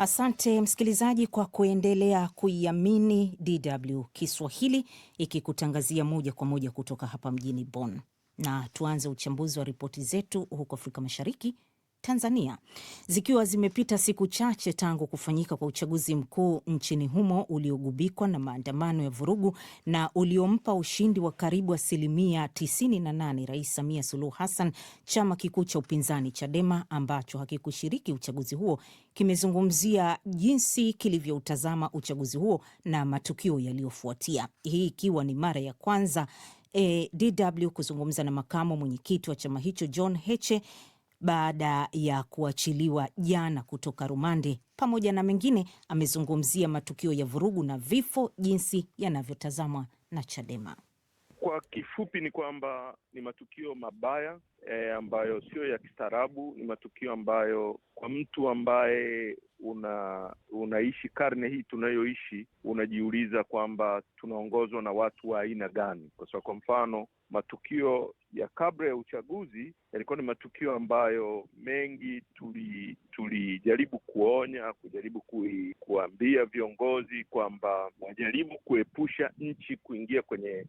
Asante msikilizaji kwa kuendelea kuiamini DW Kiswahili ikikutangazia moja kwa moja kutoka hapa mjini Bonn, na tuanze uchambuzi wa ripoti zetu huko Afrika Mashariki Tanzania zikiwa zimepita siku chache tangu kufanyika kwa uchaguzi mkuu nchini humo uliogubikwa na maandamano ya vurugu na uliompa ushindi wa karibu asilimia 98 Rais Samia Suluhu Hassan, chama kikuu cha upinzani Chadema ambacho hakikushiriki uchaguzi huo kimezungumzia jinsi kilivyoutazama uchaguzi huo na matukio yaliyofuatia, hii ikiwa ni mara ya kwanza e, eh, DW kuzungumza na makamu mwenyekiti wa chama hicho John Heche baada ya kuachiliwa jana kutoka rumande. Pamoja na mengine, amezungumzia matukio ya vurugu na vifo jinsi yanavyotazamwa na Chadema. Kwa kifupi ni kwamba ni matukio mabaya e, ambayo sio ya kistaarabu. Ni matukio ambayo kwa mtu ambaye una unaishi karne hii tunayoishi, unajiuliza kwamba tunaongozwa na watu wa aina gani? Kwa sababu kwa mfano matukio ya kabla ya uchaguzi yalikuwa ni matukio ambayo mengi tulijaribu tuli kuonya, kujaribu kui, kuambia viongozi kwamba wajaribu kuepusha nchi kuingia kwenye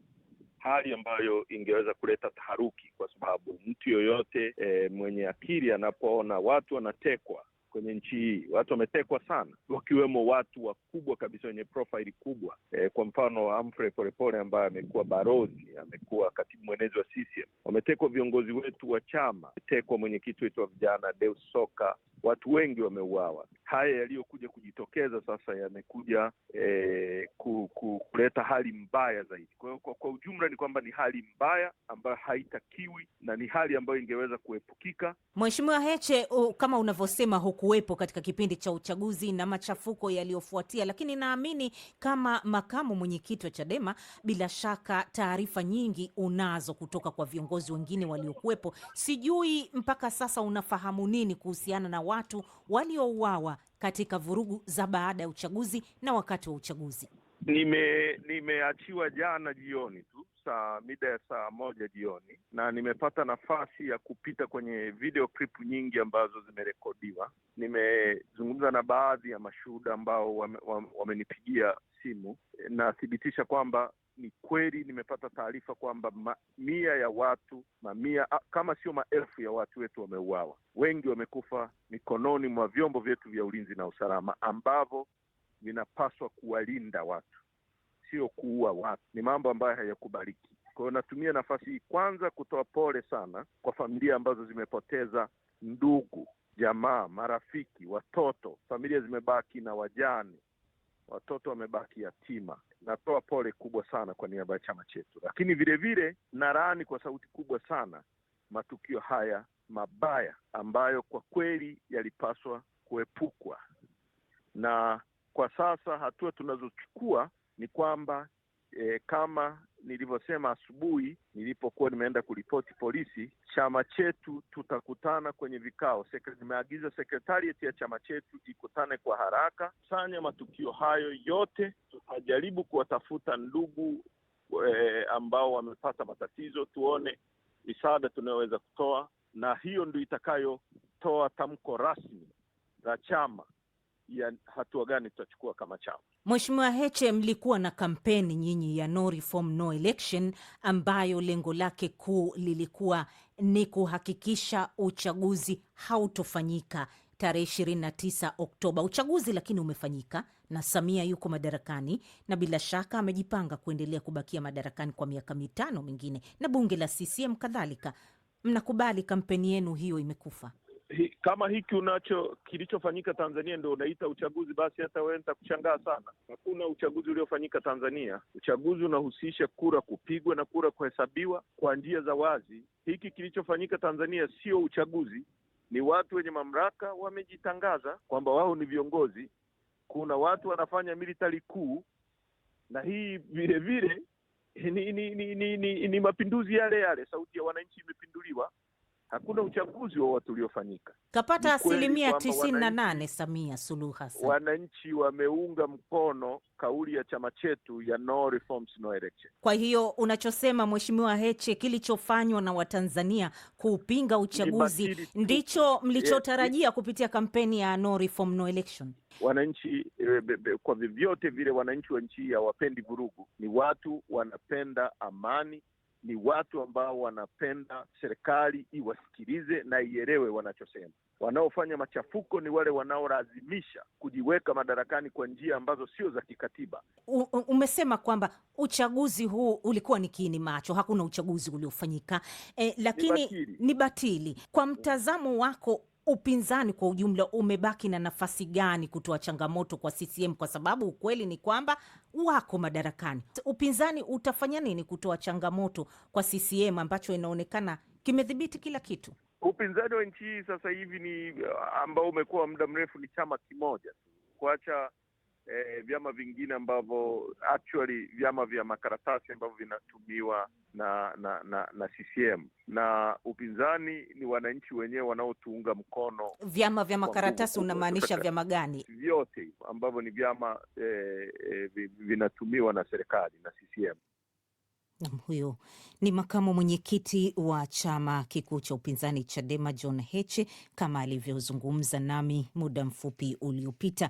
hali ambayo ingeweza kuleta taharuki, kwa sababu mtu yoyote e, mwenye akili anapoona watu wanatekwa kwenye nchi hii. Watu wametekwa sana, wakiwemo watu wakubwa kabisa wenye profaili kubwa e, kwa mfano Humphrey Polepole ambaye amekuwa barozi, amekuwa katibu mwenezi wa CCM. Wametekwa viongozi wetu wa chama, ametekwa mwenyekiti wetu wa vijana Deus Soka. Watu wengi wameuawa. Haya yaliyokuja kujitokeza sasa yamekuja e, ku, ku, kuleta hali mbaya zaidi. Kwa hiyo kwa, kwa ujumla ni kwamba ni hali mbaya ambayo haitakiwi na ni hali ambayo ingeweza kuepukika. Mheshimiwa Heche, kama unavyosema huku kuwepo katika kipindi cha uchaguzi na machafuko yaliyofuatia, lakini naamini kama makamu mwenyekiti wa Chadema, bila shaka taarifa nyingi unazo kutoka kwa viongozi wengine waliokuwepo. Sijui mpaka sasa unafahamu nini kuhusiana na watu waliouawa katika vurugu za baada ya uchaguzi na wakati wa uchaguzi? Nime nimeachiwa jana jioni tu saa mida ya saa moja jioni, na nimepata nafasi ya kupita kwenye video clip nyingi ambazo zimerekodiwa. Nimezungumza na baadhi ya mashuhuda ambao wamenipigia wame simu, nathibitisha kwamba ni kweli nimepata taarifa kwamba mamia ya watu, mamia kama sio maelfu ya watu wetu wameuawa. Wengi wamekufa mikononi mwa vyombo vyetu vya ulinzi na usalama ambavyo vinapaswa kuwalinda watu sio kuua watu, ni mambo ambayo hayakubaliki. Kwa hiyo natumia nafasi hii kwanza kutoa pole sana kwa familia ambazo zimepoteza ndugu, jamaa, marafiki, watoto. Familia zimebaki na wajane, watoto wamebaki yatima. Natoa pole kubwa sana kwa niaba ya chama chetu, lakini vilevile narani kwa sauti kubwa sana matukio haya mabaya ambayo kwa kweli yalipaswa kuepukwa, na kwa sasa hatua tunazochukua ni kwamba e, kama nilivyosema asubuhi nilipokuwa nimeenda kuripoti polisi, chama chetu tutakutana kwenye vikao. Nimeagiza sekretarieti ya chama chetu ikutane kwa haraka, kusanya matukio hayo yote. Tutajaribu kuwatafuta ndugu e, ambao wamepata matatizo, tuone misaada tunayoweza kutoa, na hiyo ndio itakayotoa tamko rasmi la chama ya hatua gani tutachukua kama chama. Mheshimiwa Heche, mlikuwa na kampeni nyinyi ya no reform no election, ambayo lengo lake kuu lilikuwa ni kuhakikisha uchaguzi hautofanyika tarehe 29 Oktoba. Uchaguzi lakini umefanyika na Samia yuko madarakani, na bila shaka amejipanga kuendelea kubakia madarakani kwa miaka mitano mingine, na bunge la CCM kadhalika. Mnakubali kampeni yenu hiyo imekufa? hi, kama hiki unacho kilichofanyika Tanzania ndio unaita uchaguzi, basi hata wewe nitakushangaa sana. Hakuna uchaguzi uliofanyika Tanzania. Uchaguzi unahusisha kura kupigwa na kura kuhesabiwa kwa njia za wazi. Hiki kilichofanyika Tanzania sio uchaguzi, ni watu wenye mamlaka wamejitangaza kwamba wao ni viongozi. Kuna watu wanafanya militari kuu, na hii vilevile ni, ni, ni, ni, ni, ni mapinduzi yale yale. Sauti ya wananchi imepinduliwa hakuna uchaguzi wowote uliofanyika. Kapata asilimia tisini na nane Samia Suluhu Hassan. Wananchi wameunga mkono kauli ya chama chetu ya no reforms, no election. Kwa hiyo unachosema Mheshimiwa Heche, kilichofanywa na Watanzania kuupinga uchaguzi ndicho eh, mlichotarajia yes, kupitia kampeni ya no reform, no election. Wananchi eh, kwa vyovyote vile, wananchi wa nchi hii hawapendi vurugu, ni watu wanapenda amani ni watu ambao wanapenda serikali iwasikilize na ielewe wanachosema. Wanaofanya machafuko ni wale wanaolazimisha kujiweka madarakani kwa njia ambazo sio za kikatiba. U, umesema kwamba uchaguzi huu ulikuwa ni kiini macho, hakuna uchaguzi uliofanyika e, lakini ni batili. Ni batili kwa mtazamo wako upinzani kwa ujumla umebaki na nafasi gani kutoa changamoto kwa CCM? Kwa sababu ukweli ni kwamba wako madarakani. Upinzani utafanya nini kutoa changamoto kwa CCM ambacho inaonekana kimedhibiti kila kitu? Upinzani wa nchi hii sasa hivi ni uh, ambao umekuwa muda mrefu ni chama kimoja tu, kuacha eh, vyama vingine ambavyo actually vyama vya makaratasi ambavyo vinatumiwa na na na na CCM na upinzani ni wananchi wenyewe wanaotuunga mkono. Vyama vya makaratasi unamaanisha vyama gani? Vyote ambavyo ni vyama eh, eh, vinatumiwa na serikali na CCM. Huyo ni makamu mwenyekiti wa chama kikuu cha upinzani Chadema John Heche, kama alivyozungumza nami muda mfupi uliopita.